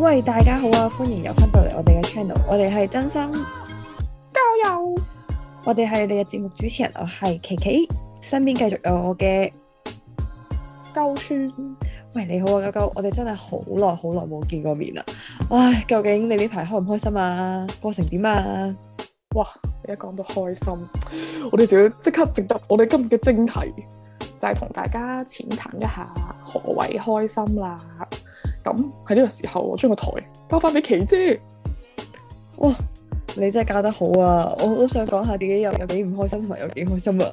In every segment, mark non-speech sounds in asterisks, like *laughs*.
喂，大家好啊！歡迎又翻到嚟我哋嘅 channel，我哋係真心交友，油我哋係你嘅節目主持人，我係琪琪，身邊繼續有我嘅溝孫。軒喂，你好啊，溝溝，我哋真係好耐好耐冇見過面啦。唉，究竟你呢排開唔開心啊？過程點啊？哇，你一講到開心，我哋就要即刻直入我哋今日嘅正題，就係、是、同大家淺談一下何為開心啦。咁喺呢個時候，我將個台交翻俾琪姐，哇！你真係教得好啊！我都想講下自己有有幾唔開心同埋有幾開心啊！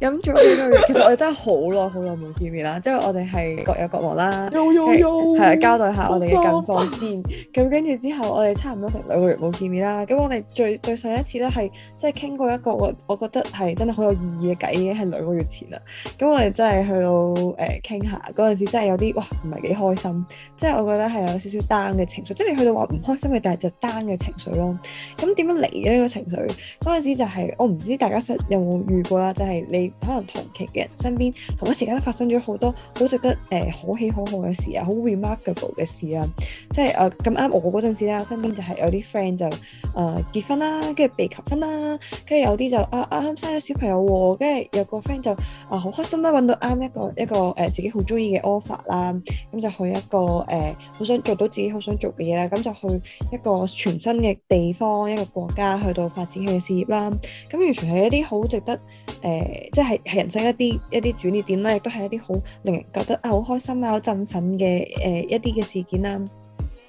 飲 *laughs* 咗幾個月，其實我哋真係好耐好耐冇見面啦。即係我哋係各有各忙啦，係交代下我哋嘅近況先。咁跟住之後，我哋差唔多成兩個月冇見面啦。咁我哋最最上一次咧係即係傾過一個我我覺得係真係好有意義嘅偈，已經係兩個月前啦。咁我哋真係去到誒傾下嗰陣時真，真係有啲哇唔係幾開心，即係我覺得係有少少 down 嘅情緒。即係去到話唔開心嘅，但係就 down 嘅情緒咯。咁點樣嚟嘅呢個情緒？嗰陣時就係、是、我唔知大家實有冇遇過啦，就係、是、你可能同期嘅人身邊，同一時間都發生咗好多好值得誒、呃、可喜可豪嘅事啊，好 remarkable 嘅事啊，即係誒咁啱我嗰陣時咧，我身邊就係有啲 friend 就誒、呃、結婚啦，跟住被求婚啦，跟住有啲就啊啱啱、啊、生咗小、啊、朋友喎，跟住有個 friend 就啊好開心、啊 er、啦，揾到啱一個一個誒自己好鍾意嘅 offer 啦，咁就去一個誒好、呃、想做到自己好想做嘅嘢啦，咁就去一個全新嘅地方。一個國家去到發展佢嘅事業啦，咁完全係一啲好值得誒、呃，即係係人生一啲一啲轉折點啦，亦都係一啲好令人覺得啊好開心啊好振奮嘅誒、呃、一啲嘅事件啦。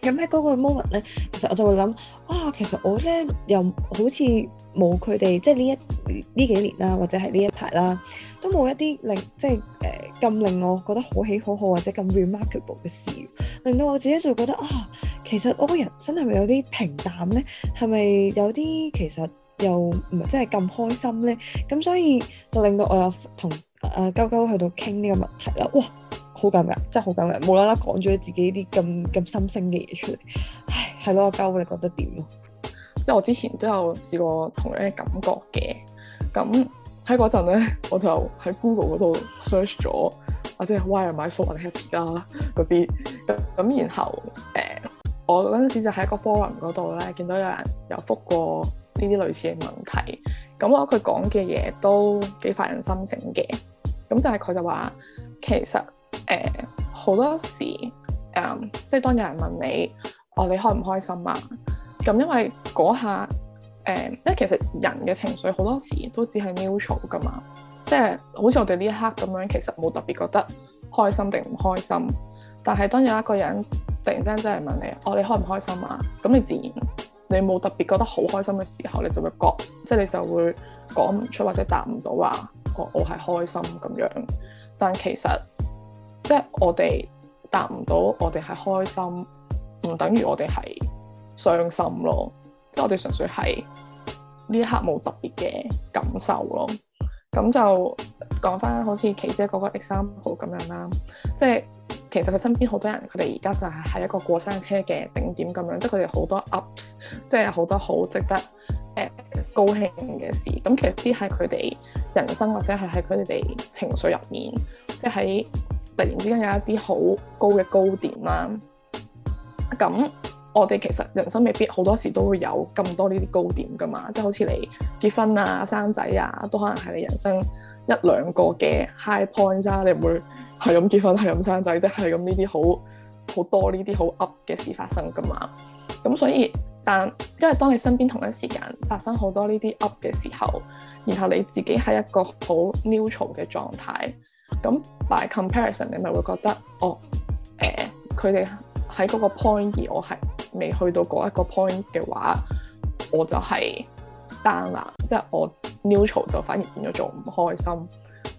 咁喺嗰個 moment 咧？其實我就會諗啊，其實我咧又好似冇佢哋即係呢一呢幾年啦，或者係呢一排啦，都冇一啲令即係誒咁令我覺得可喜可賀或者咁 remarkable 嘅事，令到我自己就覺得啊，其實我個人真係咪有啲平淡咧？係咪有啲其實又唔係真係咁開心咧？咁所以就令到我又同啊鳩鳩、呃、去到傾呢個問題啦，哇！好感人，真係好感人，無啦啦講咗自己啲咁咁心聲嘅嘢出嚟，唉，係咯，阿嬌，你覺得點啊？即係我之前都有試過同樣嘅感覺嘅，咁喺嗰陣咧，我就喺 Google 嗰度 search 咗，或者 Why am I so unhappy 啦嗰啲，咁然後誒、呃，我嗰陣時就喺一個 forum 嗰度咧，見到有人有覆過呢啲類似嘅問題，咁我佢講嘅嘢都幾發人心醒嘅，咁就係佢就話其實。誒好、嗯、多時，誒、嗯、即係當有人問你，哦，你開唔開心啊？咁、嗯、因為嗰下誒，即、嗯、係其實人嘅情緒好多時都只係 neutral 噶嘛，即係好似我哋呢一刻咁樣，其實冇特別覺得開心定唔開心。但係當有一個人突然之間真係問你，哦，你開唔開心啊？咁、嗯、你自然你冇特別覺得好開心嘅時候，你就會覺，即係你就會講唔出或者答唔到話，我我係開心咁樣，但其實。即係我哋達唔到，我哋係開心，唔等於我哋係傷心咯。即係我哋純粹係呢一刻冇特別嘅感受咯。咁就講翻好似琪姐嗰個 example 咁樣啦。即係其實佢身邊好多人，佢哋而家就係係一個過山車嘅頂點咁樣，即係佢哋好多 ups，即係好多好值得誒高興嘅事。咁其實啲係佢哋人生或者係喺佢哋哋情緒入面，即係喺。突然之間有一啲好高嘅高點啦，咁我哋其實人生未必好多時都會有咁多呢啲高點噶嘛，即係好似你結婚啊、生仔啊，都可能係你人生一兩個嘅 high points 啦、啊。你唔會係咁結婚、係咁生仔即係咁呢啲好好多呢啲好 up 嘅事發生噶嘛。咁所以，但因為當你身邊同一時間發生好多呢啲 up 嘅時候，然後你自己係一個好 neutral 嘅狀態。咁 by comparison 你咪會覺得哦、誒，佢哋喺嗰個 point，而我係未去到嗰一個 point 嘅話，我就係 down 啦，即係我 neutral 就反而變咗做唔開心，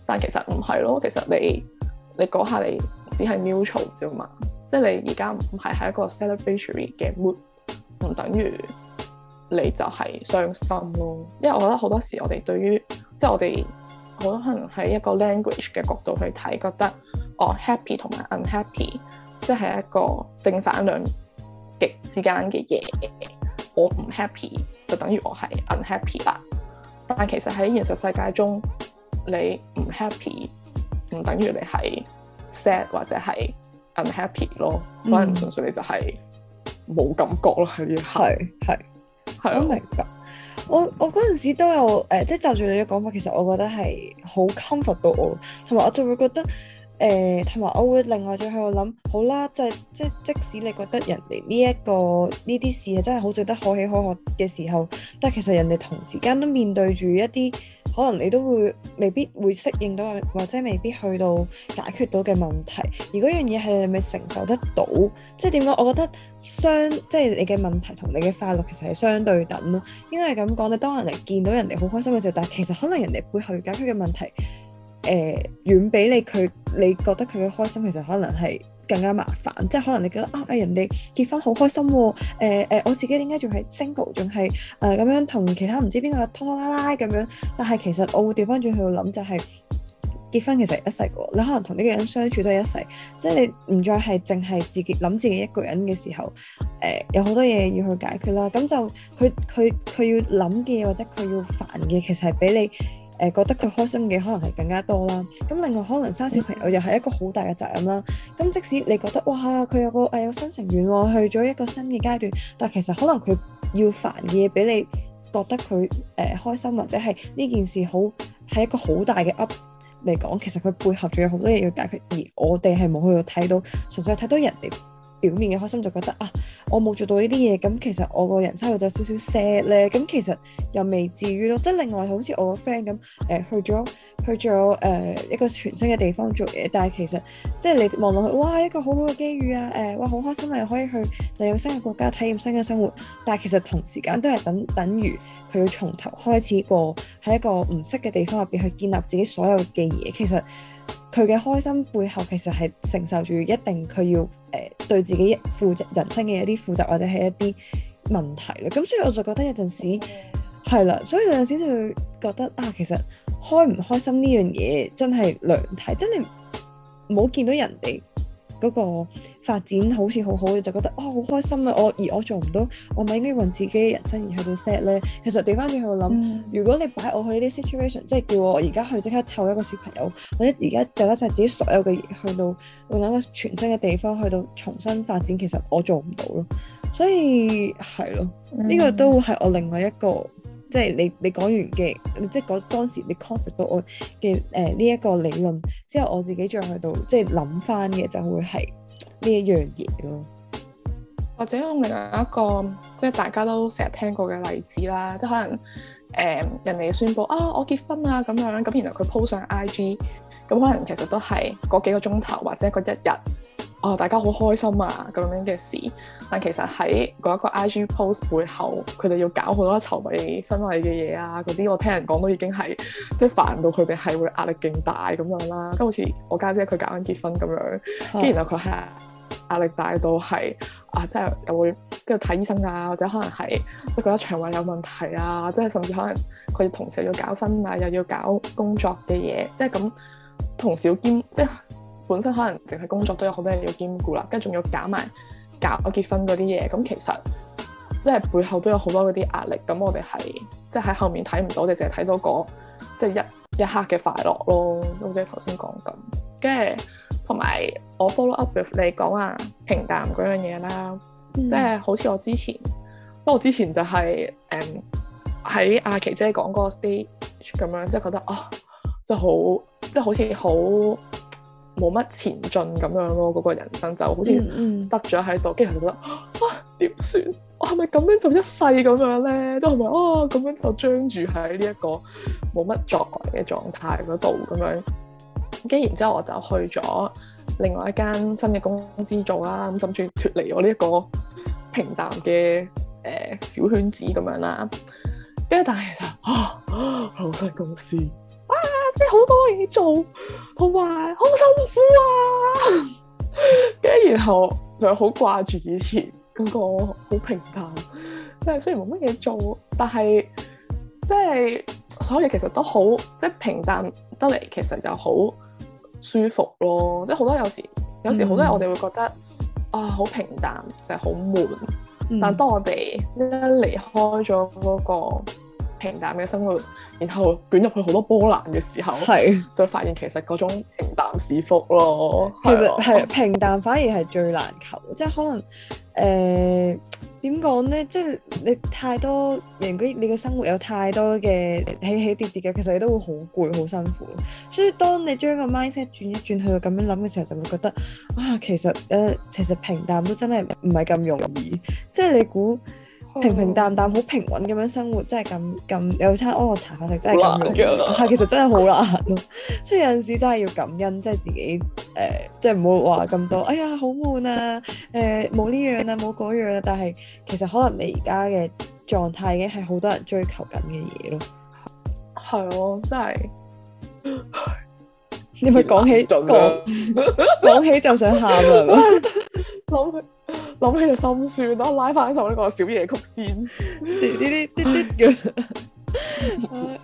但其實唔係咯，其實你你嗰下你只係 neutral 啫嘛，即係你而家唔係喺一個 celebratory 嘅 mood，唔等於你就係傷心咯，因為我覺得好多時我哋對於即係我哋。好多可能喺一個 language 嘅角度去睇，覺得我 happy 同埋 unhappy，即係一個正反兩極之間嘅嘢。我唔 happy 就等於我係 unhappy 啦。但其實喺現實世界中，你唔 happy 唔等於你係 sad 或者係 unhappy 咯，可能、嗯、純粹你就係冇感覺咯喺呢一刻。係係係、啊、我明白。我我嗰陣時都有誒、呃，即係就住你嘅講法，其實我覺得係好 comfort 到我，同埋我就會覺得誒，同、呃、埋我會另外再喺度諗，好啦、就係，即係即即使你覺得人哋呢一個呢啲事係真係好值得可喜可賀嘅時候，但係其實人哋同時間都面對住一啲。可能你都會未必會適應到，或者未必去到解決到嘅問題。而嗰樣嘢係你咪承受得到？即係點講？我覺得相即係你嘅問題同你嘅快樂其實係相對等咯。應該係咁講，你當人哋見到人哋好開心嘅時候，但係其實可能人哋背後解決嘅問題，誒、呃、遠比你佢你覺得佢嘅開心其實可能係。更加麻煩，即係可能你覺得啊，人哋結婚好開心，啊、誒、呃、誒、呃，我自己點解仲係 single，仲係誒咁樣同其他唔知邊個拖拖拉拉咁樣？但係其實我會調翻轉去諗，就係結婚其實一世喎，你可能同呢個人相處都係一世，即係你唔再係淨係自己諗自己一個人嘅時候，誒、呃、有好多嘢要去解決啦。咁就佢佢佢要諗嘅或者佢要煩嘅，其實係俾你。誒，覺得佢開心嘅可能係更加多啦，咁另外可能生小朋友又係一個好大嘅責任啦。咁即使你覺得哇，佢有個誒有個新成員喎，去咗一個新嘅階段，但其實可能佢要煩嘅嘢畀你覺得佢誒、呃、開心或者係呢件事好係一個好大嘅 up 嚟講，其實佢背後仲有好多嘢要解決，而我哋係冇去到睇到，純粹睇到人哋。表面嘅開心就覺得啊，我冇做到呢啲嘢，咁其實我個人心度就少少 sad 咧。咁其實又未至於咯。即係另外，好似我個 friend 咁，誒、呃、去咗去咗誒、呃、一個全新嘅地方做嘢，但係其實即係你望落去，哇一個好好嘅機遇啊！誒、呃，哇好開心啊，又可以去嚟到新嘅國家體驗新嘅生活。但係其實同時間都係等等於佢要從頭開始過喺一個唔識嘅地方入邊去建立自己所有嘅嘢。其實。佢嘅開心背後，其實係承受住一定佢要誒、呃、對自己負責人生嘅一啲負責，或者係一啲問題啦。咁所以我就覺得有陣時係啦，所以有陣時就會覺得啊，其實開唔開心呢樣嘢真係兩睇，真係冇見到人哋，嗰個發展好似好好，就覺得啊好、哦、開心啊！我而我做唔到，我咪應該為自己人生而去到 set 咧。其實調翻轉去諗，我嗯、如果你擺我去呢啲 situation，即係叫我而家去即刻湊一個小朋友，或者而家掉得晒自己所有嘅嘢去到另一個全新嘅地方去到重新發展，其實我做唔到咯。所以係咯，呢、嗯、個都係我另外一個。即係你你講完嘅，即係嗰當時你 comfort 到我嘅誒，呢一個理論之後，我自己再去到即係諗翻嘅就會係呢一樣嘢咯。或者用另外一個即係大家都成日聽過嘅例子啦，即係可能誒、呃、人哋宣布啊我結婚啊咁樣，咁然後佢 post 上 IG，咁可能其實都係嗰幾個鐘頭或者嗰一日。哦，大家好開心啊咁樣嘅事，但其實喺嗰一個 IG post 背後，佢哋要搞好多籌備、婚禮嘅嘢啊，嗰啲我聽人講都已經係即係煩到佢哋係會壓力勁大咁樣啦，即係好似我家姐佢搞緊結婚咁樣，跟、啊、然後佢係壓力大到係啊，有有即係又會跟住睇醫生啊，或者可能係覺得腸胃有問題啊，即係甚至可能佢同時要搞婚啊，又要搞工作嘅嘢，即係咁同小堅即係。即本身可能淨係工作都有好多人要兼顧啦，跟住仲要搞埋搞結婚嗰啲嘢，咁其實即係背後都有好多嗰啲壓力。咁我哋係即係喺後面睇唔到，我哋淨係睇到個即係一一刻嘅快樂咯，你嗯、好似頭先講咁。跟住同埋我 follow up with 你講啊平淡嗰樣嘢啦，即係好似我之前，不過我之前就係誒喺阿琪姐講嗰個 stage 咁樣，即係覺得啊，就、哦、好即係好似好。冇乜前進咁樣咯，嗰、嗰個人生就好似 stuck 咗喺度，跟住覺得啊點算？我係咪咁樣就一世咁樣咧？都係咪啊咁樣就僵住喺呢一個冇乜作為嘅狀態嗰度咁樣？跟住然之後我就去咗另外一間新嘅公司做啦，咁甚至脱離我呢一個平淡嘅誒、呃、小圈子咁樣啦。跟住但係就啊好新公司。即係好多嘢做，同埋好辛苦啊！跟 *laughs* 住然後就好掛住以前嗰個好平淡，即、就、係、是、雖然冇乜嘢做，但係即係所有嘢其實都好即係平淡得嚟，其實又好舒服咯。即係好多有時、嗯、有時好多嘢，我哋會覺得啊好平淡就係、是、好悶，嗯、但當我哋一離開咗嗰、那個平淡嘅生活，然後捲入去好多波瀾嘅時候，的就發現其實嗰種平淡是福咯。其實係 *laughs* 平淡反而係最難求，即係可能誒點講咧？即係你太多人嗰你嘅生活有太多嘅起起跌跌嘅，其實你都會好攰好辛苦。所以當你將個 mindset 轉一轉去，去到咁樣諗嘅時候，就會覺得啊，其實誒、呃，其實平淡都真係唔係咁容易。即係你估？平平淡淡，好平穩咁樣生活，真係咁咁有餐安樂、啊、茶飯食，真係咁樣其實真係好難咯、啊。所以有陣時真係要感恩，即、就、係、是、自己誒，即係唔好話咁多。哎呀，好悶啊！誒、呃，冇呢樣啊，冇嗰樣啊。但係其實可能你而家嘅狀態已經係好多人追求緊嘅嘢咯。係、哦、 *laughs* 啊，真係。你咪講起講講起就想喊啦，諗佢。 *laughs* 諗起就心酸，我拉翻首呢個小夜曲先。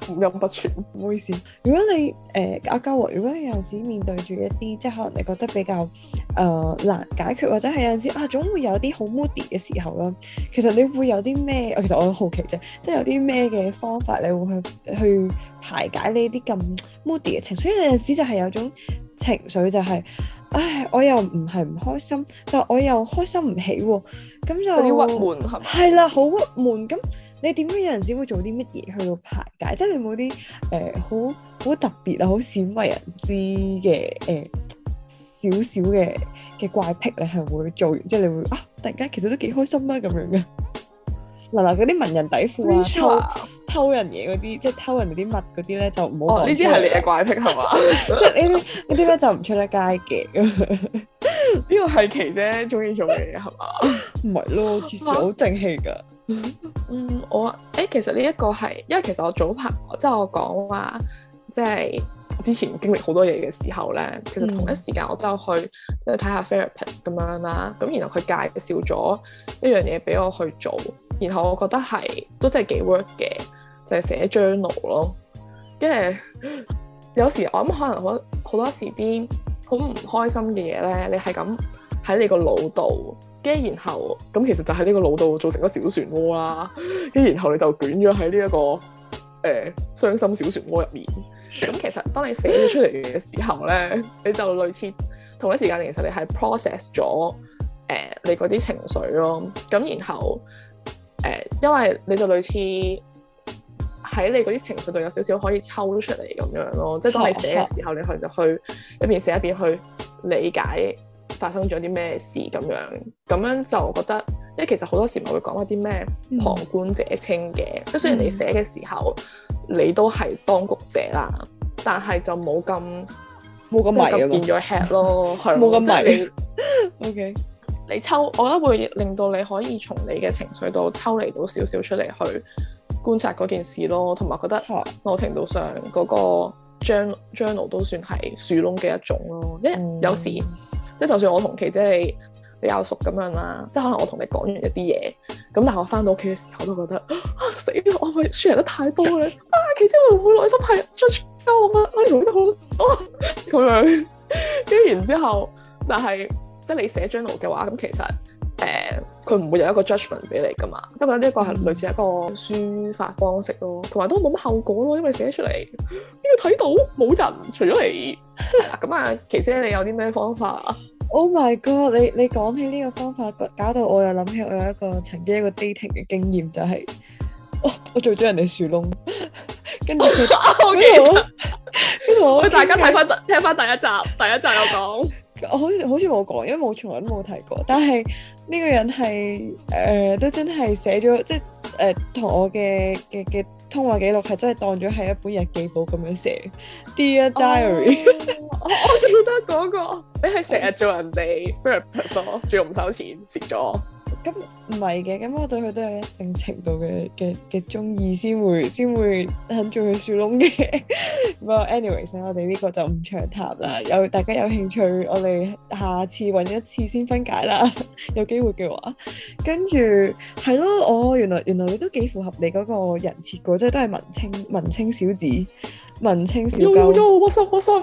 五音不全，唔好意思。如果你誒阿嘉華，如果你有陣時面對住一啲，即係可能你覺得比較誒、呃、難解決，或者係有陣時啊，總會有啲好 moody 嘅時候啦。其實你會有啲咩？其實我好奇啫，即係有啲咩嘅方法你會去去排解呢啲咁 moody 嘅情緒？因為有陣時就係有種情緒就係、是。唉，我又唔係唔開心，但係我又開心唔起喎，咁就好鬱悶係啦，好鬱悶。咁你點樣有人先會做啲乜嘢去到排解？即係你冇啲誒，好好特別啊，好鮮為人知嘅誒，少少嘅嘅怪癖，你係會做，即係你會啊，突然間其實都幾開心啊，咁樣嘅嗱嗱嗰啲文人底褲啊。偷人嘢嗰啲，即係偷人哋啲物嗰啲咧，就唔好講。哦，呢啲係你嘅怪癖係嘛？即係呢啲呢啲咧就唔出得街嘅。呢個係奇啫，中意做嘅嘢係嘛？唔係咯， *laughs* 啊、其實好正氣噶。嗯，我誒，其實呢一個係，因為其實我早排即係我講話，即係之前經歷好多嘢嘅時候咧，其實同一時間我都有去即係睇下 therapist 咁樣啦，咁然後佢介紹咗一樣嘢俾我去做，然後我覺得係都真係幾 work 嘅。就係寫 journal 咯，跟住有時我諗可能好好多時啲好唔開心嘅嘢咧，你係咁喺你個腦度，跟住然後咁其實就喺呢個腦度做成個小漩渦啦，跟然後你就捲咗喺呢一個誒、呃、傷心小漩渦入面。咁其實當你寫咗出嚟嘅時候咧，你就類似同一時間其實你係 process 咗誒、呃、你嗰啲情緒咯。咁然後誒、呃，因為你就類似。喺你嗰啲情緒度有少少可以抽出嚟咁樣咯，即係當你寫嘅時候，你可能就去一邊寫一邊去理解發生咗啲咩事咁樣，咁樣就覺得，因為其實好多時咪會講一啲咩旁觀者清嘅，嗯、即係雖然你寫嘅時候你都係當局者啦，但係就冇咁冇咁迷啊，變咗 head 咯，係冇咁迷。OK，你抽，我覺得會令到你可以從你嘅情緒度抽離到少少出嚟去。觀察嗰件事咯，同埋覺得某程度上嗰個 journal, journal 都算係樹窿嘅一種咯。因為有時即係、嗯、就，就算我同奇姐你比較熟咁樣啦，即係可能我同你講完一啲嘢，咁但係我翻到屋企嘅時候都覺得啊死啦！我咪 share 得太多咧 *laughs* 啊！奇姐會唔會內心係 judge 啊？我哋度都好啊咁樣。跟住然之後，但係即係你寫 journal 嘅話，咁其實～誒，佢唔、嗯、會有一個 judgment 俾你噶嘛，即係呢一個係類似一個抒發方式咯，同埋都冇乜後果咯，因為寫出嚟邊個睇到？冇人，除咗你。咁啊、 *laughs* 嗯，琪姐你有啲咩方法啊？Oh my god！你你講起呢個方法，搞到我又諗起我有一個曾經一個 dating 嘅經驗，就係、是、我我最中意人哋樹窿，跟住啊邊度？邊度 *laughs* 記得？大家睇翻聽翻第一集，第一集有講。我好似好似冇講，因為從我從來都冇睇過。但係呢個人係誒、呃、都真係寫咗，即係誒同我嘅嘅嘅通話記錄係真係當咗係一本日記簿咁樣寫，Dear Diary。我記得嗰個， *laughs* 你係成日做人哋 third person，仲要唔收錢，蝕咗。唔係嘅，咁、嗯嗯、我對佢都有一定程度嘅嘅嘅鍾意先會先會肯做佢樹窿嘅。 *laughs* But anyways，我哋呢個就唔詳談啦。有大家有興趣，我哋下次揾一次先分解啦。 *laughs* 有機會嘅話， *laughs* 跟住係咯。哦，原來原來你都幾符合你嗰個人設嘅，即係都係文青文青小子。文青小狗，咁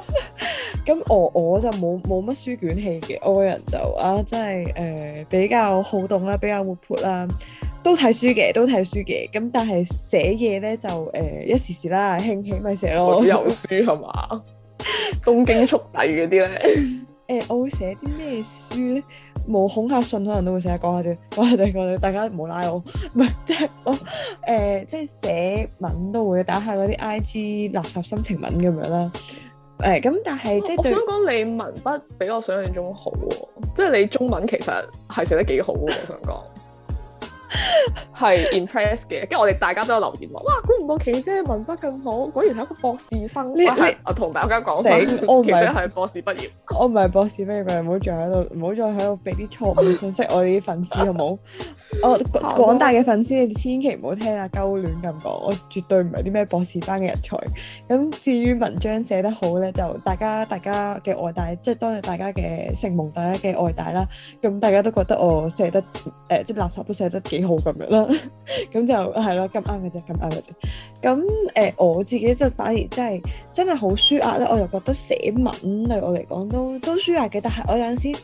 *laughs* 我我就冇冇乜書卷氣嘅，我個人就啊，真係誒比較好動啦，比較活潑啦，都睇書嘅，都睇書嘅，咁但係寫嘢咧就誒、呃、一時時啦，興起咪寫咯。我有書係嘛？ *laughs* 東京速遞嗰啲咧，誒、 *laughs* 呃、我會寫啲咩書咧？冇恐嚇信可能都會成日講下啲講下啲，大家唔好拉我，唔係即係我誒，即係寫文都會打下嗰啲 IG 垃圾心情文咁樣啦。誒、呃、咁，但係即係我，我想講你文筆比我想像中好喎，即係你中文其實係寫得幾好喎，我想講。係 impress 嘅，跟住 *laughs* 我哋大家都有留言話，哇，估唔到奇姐文筆咁好，果然係一個博士生。呢係我同大家講翻，我唔係博士畢業，我唔係博士畢業，唔好再喺度，唔好再喺度俾啲錯誤信息 *laughs* 我哋啲粉絲好唔好？我廣、 *laughs* 啊、大嘅粉絲，你千祈唔好聽阿鳩亂咁講，我絕對唔係啲咩博士班嘅人才。咁至於文章寫得好咧，就大家大家嘅愛戴，即係多謝大家嘅承蒙大家嘅愛戴啦。咁大家都覺得我寫得誒、呃，即係垃圾都寫得幾。好，咁樣啦，咁 *laughs* 就係啦，咁啱嘅啫，咁啱嘅啫。咁誒、呃，我自己就反而真係真係好舒壓咧，我又覺得寫文對我嚟講都都舒壓嘅，但係我有陣時。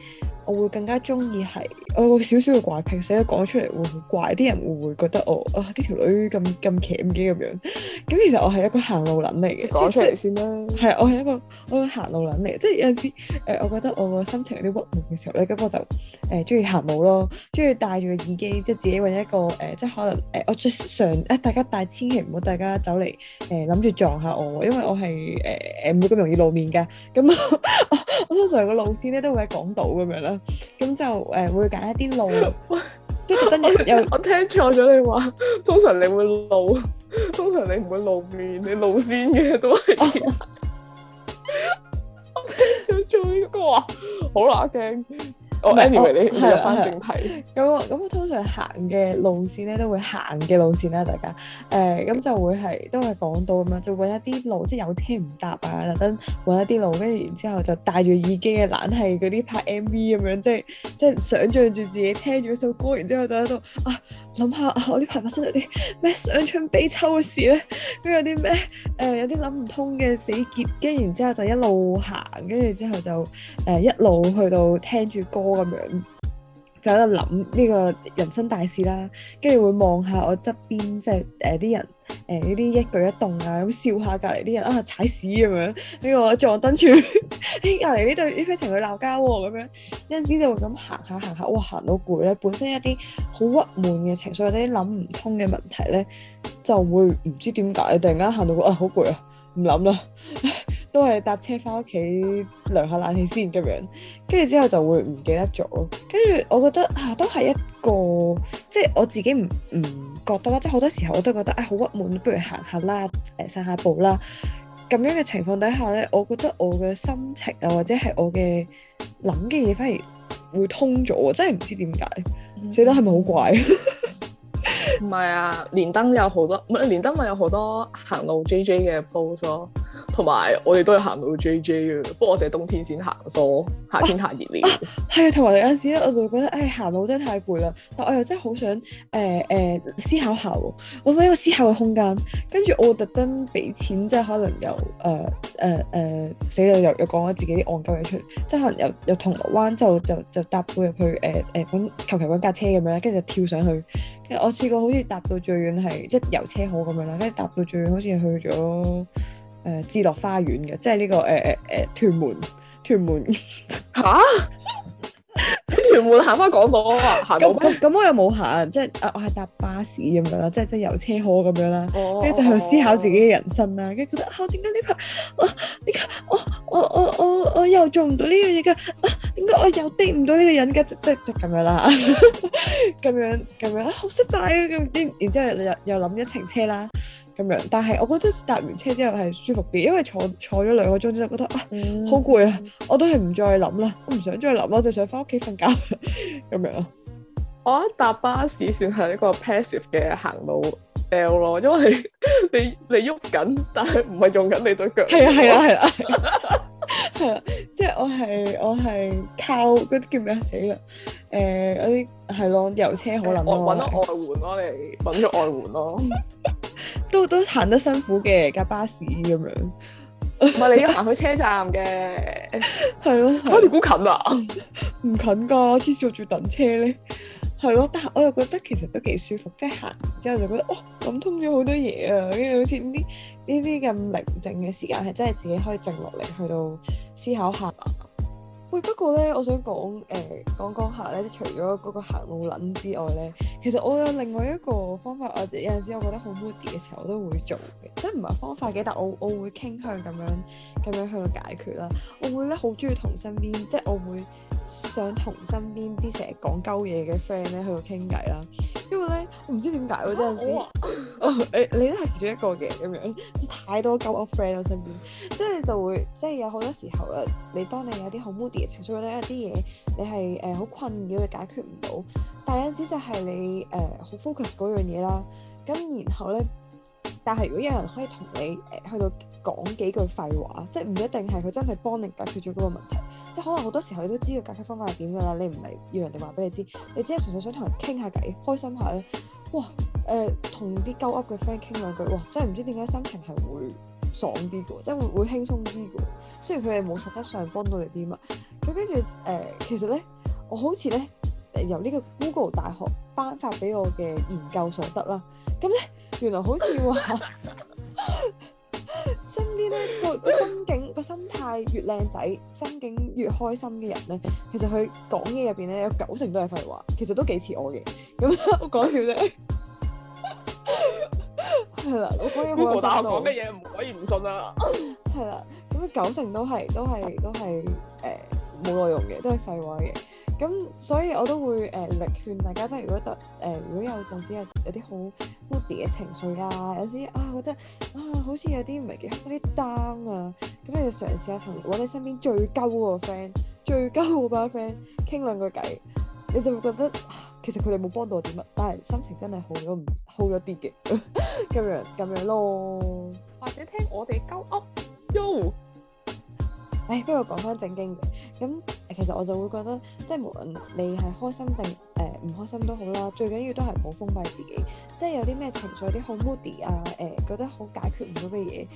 我會更加中意係我個少少嘅怪癖，寫咗講出嚟會好怪，怪，啲人會唔會覺得我啊呢條女咁咁僉嘅咁樣？咁其實我係一個行路撚嚟嘅，講出嚟即先啦。係，我係一個我行路撚嚟嘅，即係有陣時誒、呃，我覺得我個心情有啲鬱悶嘅時候咧，咁我就誒中意行路咯，中意戴住個耳機，即係自己揾一個誒、呃，即係可能誒、呃、我通常誒大家戴，千祈唔好大家走嚟誒諗住撞下我，因為我係誒誒唔會咁容易露面㗎。咁我通 *laughs* 常個路線咧都會喺港島咁樣啦。咁就誒、呃，會揀一啲路，跟住我聽錯咗你話，通常你會露，通常你唔會露面，你露先嘅都係， *laughs* 我聽錯咗呢個，好啦，驚。我 Amy 嚟，oh, anyway, 哦、你翻正題。咁咁我通常行嘅路線咧，都會行嘅路線啦、啊，大家。誒、呃、咁、嗯、就會係都係港島啊嘛，就揾一啲路，即係有車唔搭啊，特登揾一啲路，跟住然之後就戴住耳機嘅，懶係嗰啲拍 MV 咁樣，即係即係想像住自己聽住一首歌，然之後就喺度啊諗下啊，我呢排發生咗啲咩傷春悲秋嘅事咧，跟住有啲咩誒有啲諗唔通嘅死結，跟住然之後就一路行，跟住之後就誒一,一路去到聽住歌。咁樣就喺度諗呢個人生大事啦，跟住會望下我側邊即係誒啲人誒呢啲一舉一動啊，咁笑下隔籬啲人啊踩屎咁樣，呢個撞燈柱， *laughs* 隔籬呢對呢對情侶鬧交咁樣，有陣時就會咁行下行下，哇行到攰咧，本身一啲好鬱悶嘅情緒或者啲諗唔通嘅問題咧，就會唔知點解突然間行到啊好攰啊，唔諗啦。 *laughs* 都係搭車返屋企涼下冷氣先咁樣，跟住之後就會唔記得咗。跟住我覺得啊，都係一個即係我自己唔唔覺得啦。即係好多時候我都覺得啊好鬱悶，不如行下啦，誒、呃、散下步啦。咁樣嘅情況底下呢，我覺得我嘅心情啊，或者係我嘅諗嘅嘢，反而會通咗。真係唔知點解，嗯、死啦係咪好怪？是 *laughs* 唔係啊，連登有好多，唔係連登咪有好多行路 J J 嘅 pose 咯，同埋我哋都有行路 J J 嘅。不過我哋冬天先行所夏天太熱烈。係啊，同、啊、埋有陣時咧，我就覺得唉、哎，行路真係太攰啦，但我又真係好想誒誒、呃呃、思考下喎，揾返一個思考嘅空間，跟住我特登俾錢，即係可能有誒誒誒死啦，又又講咗自己啲戇鳩嘢出嚟，即係可能有有銅鑼灣就就就搭到入去誒誒揾求其揾架車咁樣，跟住就跳上去。我試過好似搭到最遠係即係遊車河咁樣啦，跟住搭到最遠好似去咗誒置樂花園嘅，即係呢個誒誒誒屯門屯門吓、啊？ *laughs* 屯門行翻港島啊，行翻咁我又冇行，即係啊我係搭巴士咁樣啦，即係即係遊車河咁樣啦，跟住就去思考自己嘅人生啦，跟住覺得啊點解呢排我呢個、啊、我我我我我，我，我，我又做唔到呢樣嘢㗎。點解我又 d 唔到呢個人嘅，即即即咁樣啦，咁 *laughs* 樣咁樣啊，好失敗啊，咁點？然之後你又又諗一程車啦，咁樣。但係我覺得搭完車之後係舒服啲，因為坐坐咗兩個鐘之後覺得啊，好攰，嗯、啊，我都係唔再諗啦，我唔想再諗啦，我就想翻屋企瞓覺咁樣。我覺得搭巴士算係一個 passive 嘅行路 L 咯，因為你你喐緊，但係唔係用緊你對腳。係啊係啊係啊。 *laughs* 係啦， *laughs* 即係我係我係靠嗰啲、那個、叫咩死啦，誒嗰啲係咯油車，可能我搵咗外，外援咯，你搵咗外援咯， *laughs* 都都行得辛苦嘅架巴士咁樣，唔 *laughs* 係你要行去車站嘅，係咯， *laughs* *laughs* *laughs* 啊你估近啊？唔近噶，黐線仲要等車咧。係咯，但係我又覺得其實都幾舒服，即係行完之後就覺得哦，諗通咗好多嘢啊，跟住好似呢啲呢啲咁寧靜嘅時間係真係自己可以靜落嚟去到思考下。喂，不過咧，我想講誒，講、呃、講下咧，除咗嗰個行路攆之外咧，其實我有另外一個方法，或者有陣時我覺得好 moody 嘅時候我都會做嘅，即係唔係方法嘅，但係我我會傾向咁樣咁樣去到解決啦。我會咧好中意同身邊，即係我會。想同身邊啲成日講鳩嘢嘅 friend 咧去度傾偈啦，因為咧我唔知點解嗰陣時，你你都係其中一個嘅咁樣，太多鳩我 friend 啦身邊，即係你就會即係有好多時候啊，你當你有啲好 moody 嘅情緒咧，有啲嘢你係誒好困擾，你解決唔到，但有陣時就係你誒好、呃、focus 嗰樣嘢啦，咁然後咧，但係如果有人可以同你誒去到講幾句廢話，即係唔一定係佢真係幫你解決咗嗰個問題。即係可能好多時候你都知個解決方法係點㗎啦，你唔係要人哋話俾你知，你只係純粹想同人傾下偈，開心下咧。哇，誒、呃，同啲鳩噏嘅 friend 傾兩句，哇，真係唔知點解心情係會爽啲㗎，即係會會輕鬆啲㗎。雖然佢哋冇實質上幫到你啲乜，咁跟住誒，其實咧，我好似咧、呃、由呢個 Google 大學頒發俾我嘅研究所得啦。咁咧，原來好似話。 *laughs* 身邊咧個個心境個心態越靚仔，心境越開心嘅人咧，其實佢講嘢入邊咧有九成都係廢話，其實都幾似我嘅，咁好講笑啫。係啦，我講嘢冇錯。講咩嘢唔可以唔信啊？係啦，咁九成都係都係都係誒冇內容嘅，都係廢話嘅。咁所以我都會誒勸、呃、勸大家，即係如果得誒、呃、如果有陣時有有啲好 mood 嘅情緒啊，有時啊覺得啊好似有啲唔係幾，有啲 down 啊，咁你就嘗試下同我哋身邊最鳩嗰個 friend，最鳩嗰班 friend 傾兩個偈，你就會覺得、啊、其實佢哋冇幫到我啲乜，但係心情真係好咗唔好咗啲嘅，咁 *laughs* 樣咁樣咯。或者聽我哋鳩噏。Yo！誒，不如講翻正經嘅咁。其實我就會覺得，即係無論你係開心定誒唔開心都好啦，最緊要都係唔好封閉自己。即係有啲咩情緒，啲好 moody 啊，誒、呃、覺得好解決唔到嘅嘢，誒、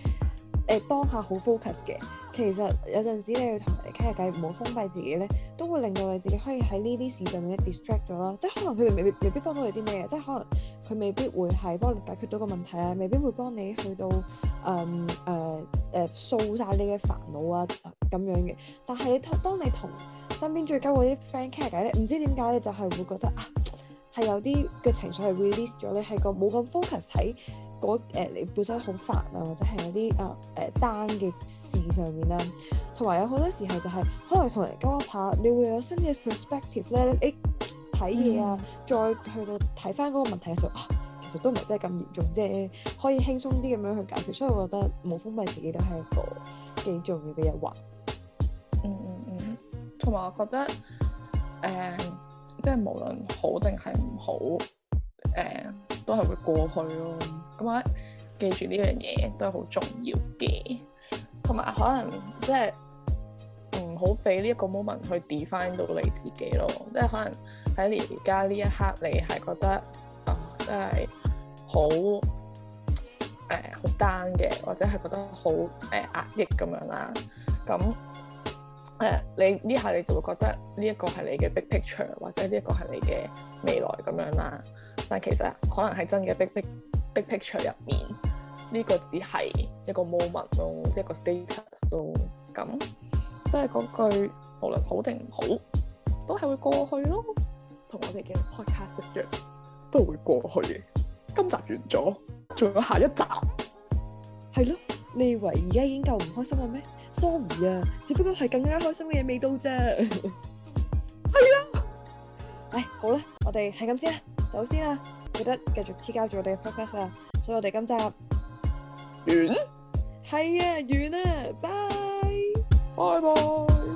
呃、當下好 focus 嘅，其實有陣時你要同人哋傾下偈，唔好封閉自己咧，都會令到你自己可以喺呢啲事上面 distract 咗啦。即係可能佢未未必幫到你啲咩，即係可能。佢未必會係幫你解決到個問題啊，未必會幫你去到誒誒誒掃晒你嘅煩惱啊咁樣嘅。但係你當你同身邊最交嗰啲 friend 傾下偈咧，唔知點解咧就係會覺得啊，係有啲嘅情緒係 release 咗，你係個冇咁 focus 喺嗰、呃、你本身好煩啊，或者係有啲啊誒 down 嘅事上面啦、啊。同埋有好多時候就係、是、可能同人交一下話，你會有新嘅 perspective 咧。睇嘢啊，再去到睇翻嗰個問題嘅時候、啊，其實都唔係真係咁嚴重即係，可以輕鬆啲咁樣去解決。所以我覺得冇封閉自己都係一個幾重要嘅一環。嗯嗯嗯，同、嗯、埋我覺得，誒、呃，即係無論好定係唔好，誒、呃，都係會過去咯。咁、嗯、啊，記住呢樣嘢都係好重要嘅，同埋可能即係唔好俾呢一個 moment 去 define 到你自己咯，即係可能。喺而家呢一刻，你係覺得啊，真係好誒好 down 嘅，或者係覺得好誒、呃、壓抑咁樣啦。咁誒、呃，你呢下你就會覺得呢一個係你嘅 big picture，或者呢一個係你嘅未來咁樣啦。但係其實可能係真嘅 big big big picture 入面，呢、這個只係一個 moment 咯，即係一個 status 咯。咁都係嗰句，無論好定唔好，都係會過去咯。同我哋嘅 podcast 一樣都會過去。今集完咗，仲有下一集。係咯，你以為而家已經夠唔開心啦咩？sorry 啊，只不過係更加開心嘅嘢未到啫。係啊，唉好啦，我哋係咁先啦，走先啦。記得繼續黐膠住我哋嘅 podcast 啊。所以我哋今集完，係啊，完啊，拜拜拜拜。